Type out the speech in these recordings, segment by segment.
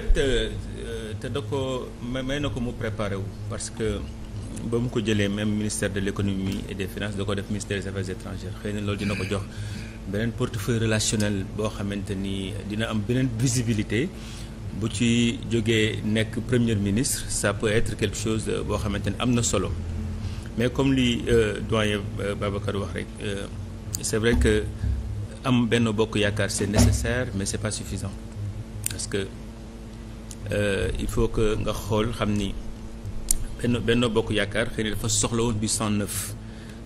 peut euh, te da ko may na ko mu préparé wu parce que ba mu ko jëlee même ministère de l'économie et des finances da ko def ministère des affaires étrangères xëy na loolu dina ko jox beneen portefeuille relationnel boo xamante ni dina am beneen visibilité bu ci jógee nekk première ministre ça peut être quelque chose euh, boo xamante ni am na solo mais comme li euh, doyen Babacar wax rek c'est vrai que am benn bokk yaakaar c'est nécessaire mais c'est pas suffisant parce que Euh, il faut que nga xool xam ni benn Benno Bokk Yaakaar xëy na dafa soxla woon bi 109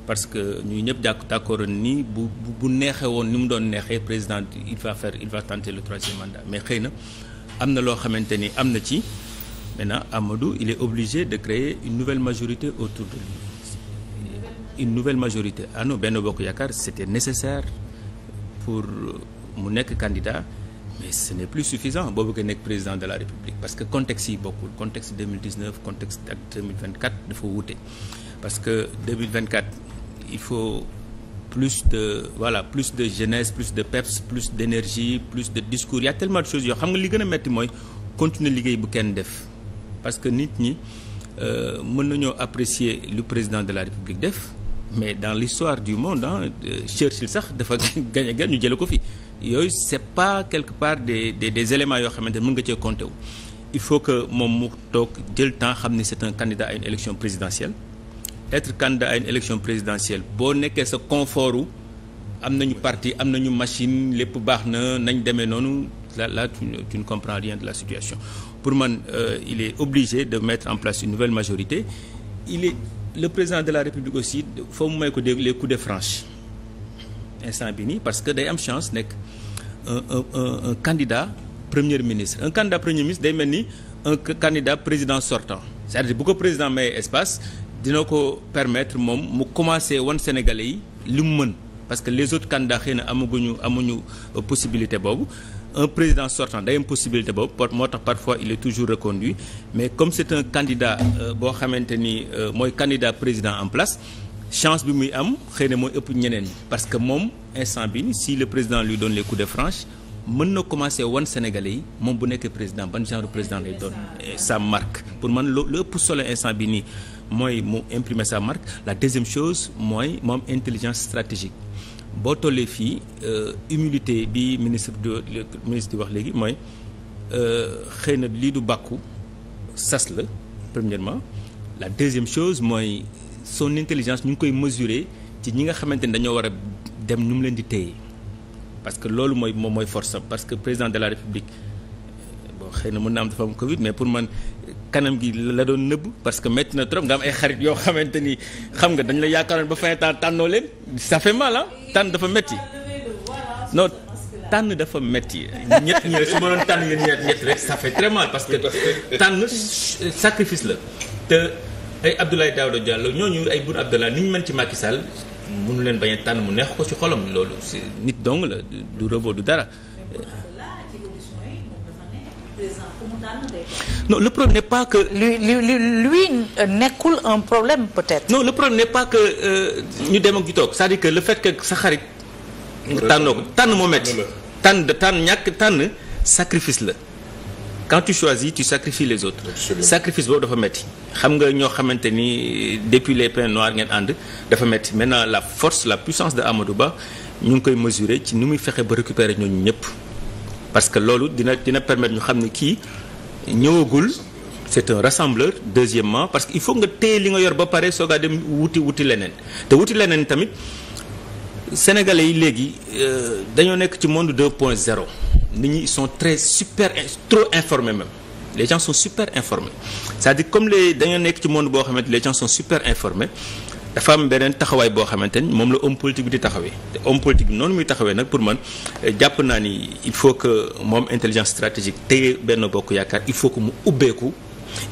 parce que ñu ñëpp jàkk d'accord ni bu bu neexee woon ni mu doon neexee président il va faire il va tenter le troisième mandat mais xëy na am na loo xamante ni am na ci maintenant Amadou il est obligé de créer une nouvelle majorité autour de lui majorité ah non Benno Bokk Yaakaar c'était nécessaire pour mu nekk candidat mais ce n'est plus suffisant boo bëggee nekk président de la république parce que contexte yi bokkul contexte 2019 contexte ak 2024 dafa wuute parce que 2024 il faut plus de plus de jeunesse plus de peps plus d'énergie plus de discours il y tellement de choses yoo xam nga li gën a metti mooy continuer liggéey bu kenn def parce que nit ñi euh, mën nañoo apprécier lu président de la république def mais dans l'histoire du monde ah Churchill sax dafa gañ a gañ ñu jële ko fi yooyu c'est pas quelque part des des, des éléments yoo xamante ne mun nga cee compter wu il faut que moom mu toog jël temps xam ne c'est un candidat à une élection présidentielle être candidat à une élection présidentielle boo nekkee sa confort am na ñu parti am na ñu machine lépp baax na nañ demee noonu là la tu, tu ne comprends rien de la situation pour man euh, il est obligé de mettre en nouvelle majorité le président de la république aussi foo mu may ko déglee les de franche instant bi nii parce que day am chance nekk un un un candidat premier ministre un candidat premier ministre day mel ni un candidat président sortant cest dire bu ko président may espace dina ko permettre moom mu commencer wan sénégalais yi li mu mën parce que les autres candidats xëy na amaguñu amuñu euh, possibilité boobu un président sortant day am possibilité boobu pot moo tax parfois il est toujours reconduit mais comme c'est un candidat euh, boo xamante ni euh, mooy candidat président en place chance bi muy am xëy na mooy ëpp ñeneen ñi parce que moom instant bi si le président lui donne les coups de franche mën na commencer wan Sénégalais yi moom bu nekkee président ban genre président lay doon sa marque pour man lu ëpp solo instant bi nii mooy mu imprimer sa marque la deuxième chose mooy moom intelligence stratégique boo tollee fii euh, humilité bi ministre de ministre di wax léegi mooy euh, xëy na lii du bàkku sas la premièrement la deuxième chose mooy son intelligence ñu ngi koy mesurer ci ñi nga xamante ni dañoo war a dem ñu mu leen di téye parce que loolu mooy moom mooy force parce que président de la république bon xëy na mën na am dafa Covid mais pour man kanam gi la doon nëbb parce que métti na trop nga am ay xarit yoo xamante ni xam nga dañu la yaakaaroon ba fin temps tànnoo leen ça mal tànn dafa métti non tànn dafa métti ñett ñi su ma doon tànn yéen parce que tànn sacrifice la te ay Abdoulaye Daouda Diallo ñooñu ay Boun Abdallah ni ñu mën ci Macky Sall leen bañ tànn mu neex ko si xolam loolu nit dong la du robot du dara no le problème n'est pas que. lui lui euh, nekkul un problème peut-être. no le problème n'est pas que euh, ñu dem ak ñu toog cest dire que le fait que sa xarit. nga tànnoo ko tànn moo métti. tànn tànn ñàkk tànn sacrifice la. quand tu choisis tu sacrifies les autres. sacrifice boobu dafa metti xam nga ñoo xamante ni depuis les pins noirs ngeen ànd dafa metti maintenant la force la puissance de Amadou Ba ñu ngi koy mesurer ci ni muy fexe ba récupérer ñooñu ñëpp. parce que loolu dina dina permettre ñu xam ne kii ñëwagul c'est un rassembleur deuxièmement parce que il faut nga téye li nga yor ba pare soogaa dem wuti wuti leneen te wuti leneen tamit sénégalais yi léegi euh, dañoo nekk ci monde deux point 0 nit ñi ils sont très super trop informés même les gens sont super informés c'est-à-dire comme les dañoo nekk ci monde boo xamante les gens sont super informés dafa am beneen taxawaay boo xamante ni moom la homme politique bi di taxawee te homme politique bi noonu muy taxawee nag pour man eh, jàpp naa ni il faut que moom intelligence stratégique téye benn bokk yaakaar il faut que mu ubbeeku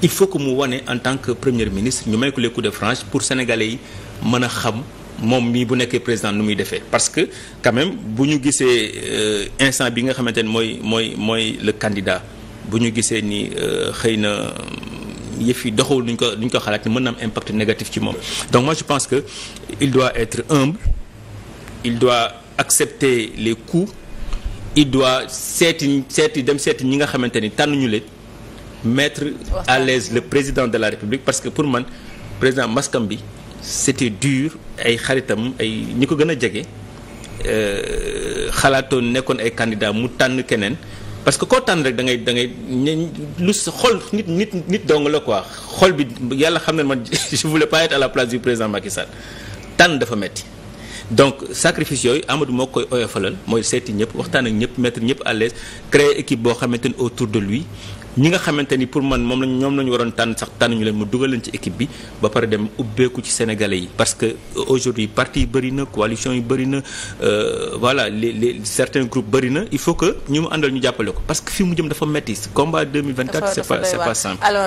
il faut que mu wane en tant que premier ministre ñu may ko les de franche pour sénégalais yi mën a xam moom mii bu nekkee président nu muy defee parce que quand même bu ñu gisee euh, instant bi nga xamante ni mooy mooy mooy le candidat bu ñu gisee ni euh, xëy na yëf yi doxul nuñ ko nuñ ko xalaat mën na am impact négatif ci moom donc moi je pense que il doit être humble il doit accepter les coups il doit seeti dem seeti ñi nga xamante ni tànnuñu leen mettre à l'aise le président de la République parce que pour man président maskam bi c'était dur ay xaritam ay ñi ko gën a jege euh, xalaatoon nekkoon ay candidat mu tànn keneen parce que koo tànn rek da ngay da ngay lu xol nit nit nit dong la quoi xol bi yàlla xam ne ma je voulais pas à la place du président Macky Sall tànn dafa metti donc sacrifice yooyu Amadou moo koy oyofalal mooy seeti ñëpp waxtaan ak ñëpp mettre ñëpp à l'aise créer équipe boo xamante ni autour de lui ñi nga xamante ni pour man moom lañ ñoom la ñu waroon tànn sax tànn ñu leen mu dugal leen ci équipe bi ba pare dem ubbeeku ci sénégalais yi. parce que euh, aujourd'hui parti yi bëri na coalition yi bëri na euh, voilà les les certains groupes bëri na il faut que ñu mu àndal ñu jàppale ko parce que fi mu jëm dafa métti combat c'est pas c'est pas